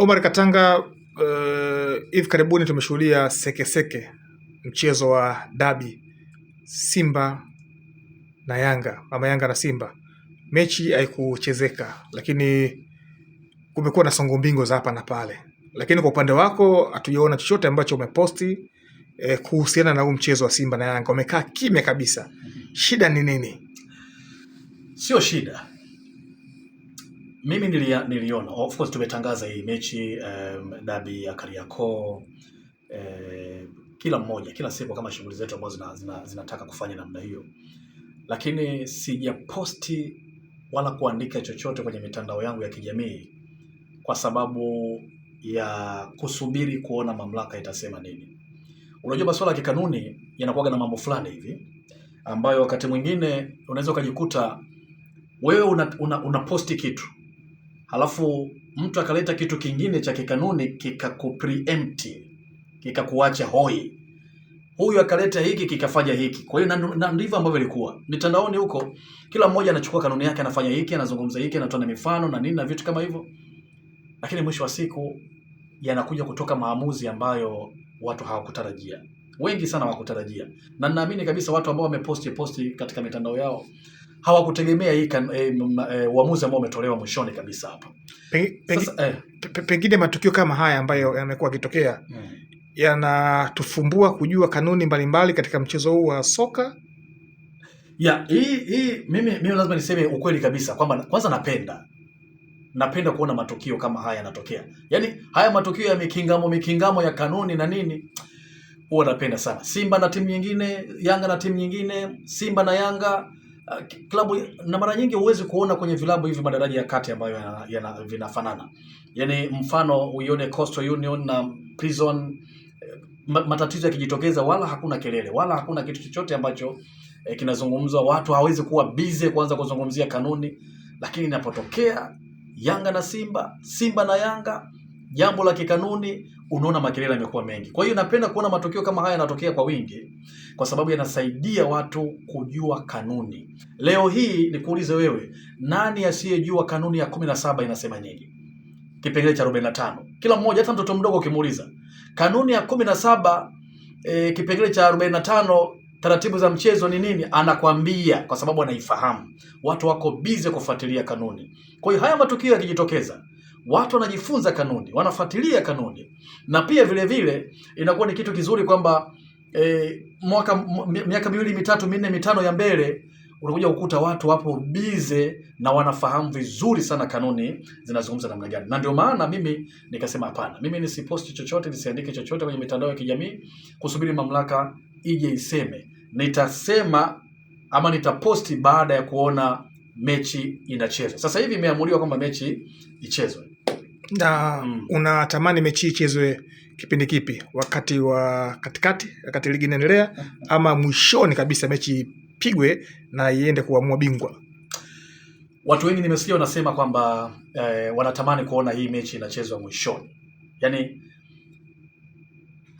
Omar Katanga, eh, hivi uh, karibuni tumeshuhudia sekeseke mchezo wa dabi Simba na Yanga ama Yanga na Simba, mechi haikuchezeka, lakini kumekuwa na songo mbingo za hapa na pale, lakini kwa upande wako hatujaona chochote ambacho umeposti eh, kuhusiana na huu mchezo wa Simba na Yanga. Umekaa kimya kabisa, shida ni nini? Sio shida mimi niliona of course tumetangaza hii mechi um, dabi ya Kariakoo um, kila mmoja kila siku kama shughuli zetu ambazo zina, zina, zinataka kufanya namna hiyo, lakini sijaposti wala kuandika chochote kwenye mitandao yangu ya kijamii kwa sababu ya kusubiri kuona mamlaka itasema nini. Unajua, masuala ya kikanuni yanakuwa na mambo fulani hivi ambayo wakati mwingine unaweza ukajikuta wewe una, una, una posti kitu halafu mtu akaleta kitu kingine cha kikanuni kikakupreempt, kikakuacha hoi, huyu akaleta hiki kikafanya hiki. Kwa hiyo ndivyo ambavyo ilikuwa mitandaoni huko, kila mmoja anachukua kanuni yake, anafanya hiki, anazungumza hiki, anatoa na mifano na nini na vitu kama hivyo, lakini mwisho wa siku yanakuja kutoka maamuzi ambayo watu hawakutarajia, wengi sana hawakutarajia, na ninaamini kabisa watu ambao wameposti posti katika mitandao yao hawakutegemea hii eh, eh, uamuzi ambao umetolewa mwishoni kabisa hapa. Eh. Pengine matukio kama haya ambayo yamekuwa yakitokea mm. yanatufumbua kujua kanuni mbalimbali katika mchezo huu wa soka. Ya, hii hii mimi mimi lazima niseme ukweli kabisa kwamba kwanza napenda napenda kuona matukio kama haya yanatokea. Yaani haya matukio ya mikingamo mikingamo ya kanuni na nini huwa napenda sana. Simba na timu nyingine, Yanga na timu nyingine, Simba na Yanga Ah, klabu na mara nyingi huwezi kuona kwenye vilabu hivi madaraja ya kati ambayo ya, ya, vinafanana. Yaani mfano uione Coastal Union na Prison eh, matatizo yakijitokeza, wala hakuna kelele wala hakuna kitu chochote ambacho eh, kinazungumzwa. Watu hawezi kuwa bize kuanza kuzungumzia kanuni, lakini inapotokea Yanga na Simba, Simba na Yanga, jambo la kikanuni unaona makelele yamekuwa mengi. Kwa hiyo napenda kuona matokeo kama haya yanatokea kwa wingi, kwa sababu yanasaidia watu kujua kanuni. Leo hii nikuulize wewe, nani asiyejua kanuni ya kumi na saba inasema nini? Kipengele cha arobaini na tano. Kila mmoja, hata mtoto mdogo ukimuuliza kanuni ya kumi na saba e, kipengele cha arobaini na tano taratibu za mchezo ni nini, anakwambia kwa sababu anaifahamu. Watu wako bize kufuatilia kanuni. Kwa hiyo haya matukio yakijitokeza watu wanajifunza kanuni, wanafuatilia kanuni, na pia vile vile inakuwa ni kitu kizuri kwamba e, mwaka miaka miwili mitatu minne mitano ya mbele unakuja kukuta watu wapo bize na wanafahamu vizuri sana kanuni zinazungumza namna gani. Na ndio maana mimi nikasema hapana, mimi nisiposti chochote, nisiandike chochote kwenye mitandao ya kijamii kusubiri mamlaka ije iseme. Nitasema ama nitaposti baada ya kuona mechi inachezwa. Sasa hivi imeamuliwa kwamba mechi ichezwe. Na mm. unatamani mechi ichezwe kipindi kipi? Wakati wa katikati, wakati ligi inaendelea, ama mwishoni kabisa mechi ipigwe na iende kuamua bingwa? Watu wengi nimesikia wanasema kwamba eh, wanatamani kuona hii mechi inachezwa mwishoni. Yaani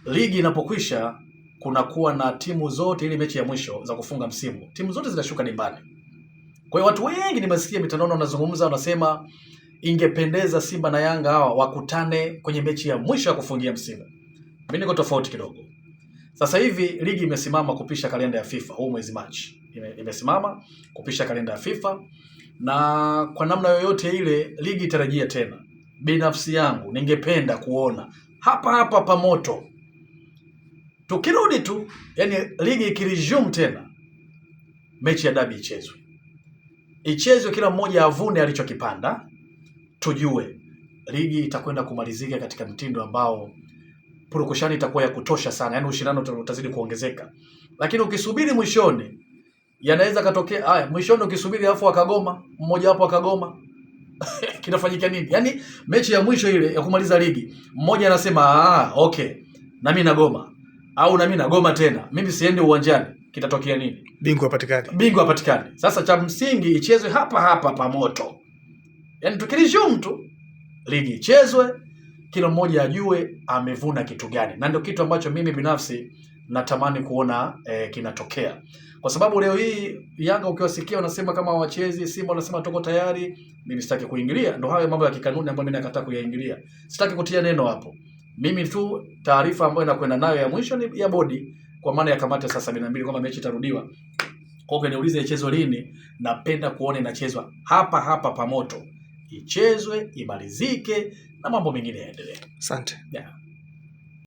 ligi inapokwisha kunakuwa na timu zote, ili mechi ya mwisho za kufunga msimu, timu zote zinashuka dimbani kwa hiyo watu wengi nimesikia mitandao wanazungumza, wanasema ingependeza Simba na Yanga hawa wakutane kwenye mechi ya mwisho ya kufungia msimu. Mimi niko tofauti kidogo. Sasa hivi ligi imesimama kupisha kalenda ya FIFA huu mwezi Machi. Ime, imesimama kupisha kalenda ya FIFA na kwa namna yoyote ile ligi itarajia tena. Binafsi yangu ningependa kuona hapa hapa pa moto. Tukirudi tu, yani ligi ikirejume tena mechi ya dabi ichezwe ichezwe, kila mmoja avune alichokipanda, tujue ligi itakwenda kumalizika katika mtindo ambao purukushani itakuwa ya kutosha sana, yaani ushindano utazidi kuongezeka. Lakini ukisubiri mwishoni yanaweza katokea haya, mwishoni ukisubiri alafu akagoma mmoja wapo akagoma kinafanyika nini? Yaani mechi ya mwisho ile ya kumaliza ligi mmoja anasema ah, okay, na mimi nagoma au na mimi nagoma tena, mimi siende uwanjani kitatokea nini? Bingwa hapatikani, bingwa hapatikani. Sasa cha msingi ichezwe hapa hapa pa moto, yaani tukiresume tu ligi ichezwe, kila mmoja ajue amevuna kitu gani, na ndio kitu ambacho mimi binafsi natamani kuona eh, kinatokea kwa sababu leo hii Yanga ukiwasikia wanasema kama wachezi Simba wanasema tuko tayari, mimi sitaki kuingilia. Ndio hayo mambo ya kikanuni ambayo mimi nakataa kuyaingilia, sitaki kutia neno hapo. Mimi tu taarifa ambayo inakwenda nayo ya mwisho ni ya bodi kwa maana ya kamati ya saa sabini na mbili kwamba mechi itarudiwa. Kwa hiyo niulize ichezwe lini, napenda kuona inachezwa hapa hapa pamoto, ichezwe imalizike na mambo mengine yaendelee. Asante yeah.